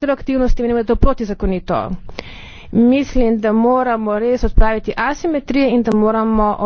retroaktivnosti menimo, da je to protizakonito. Mislim, da moramo res odpraviti asimetrije in da moramo.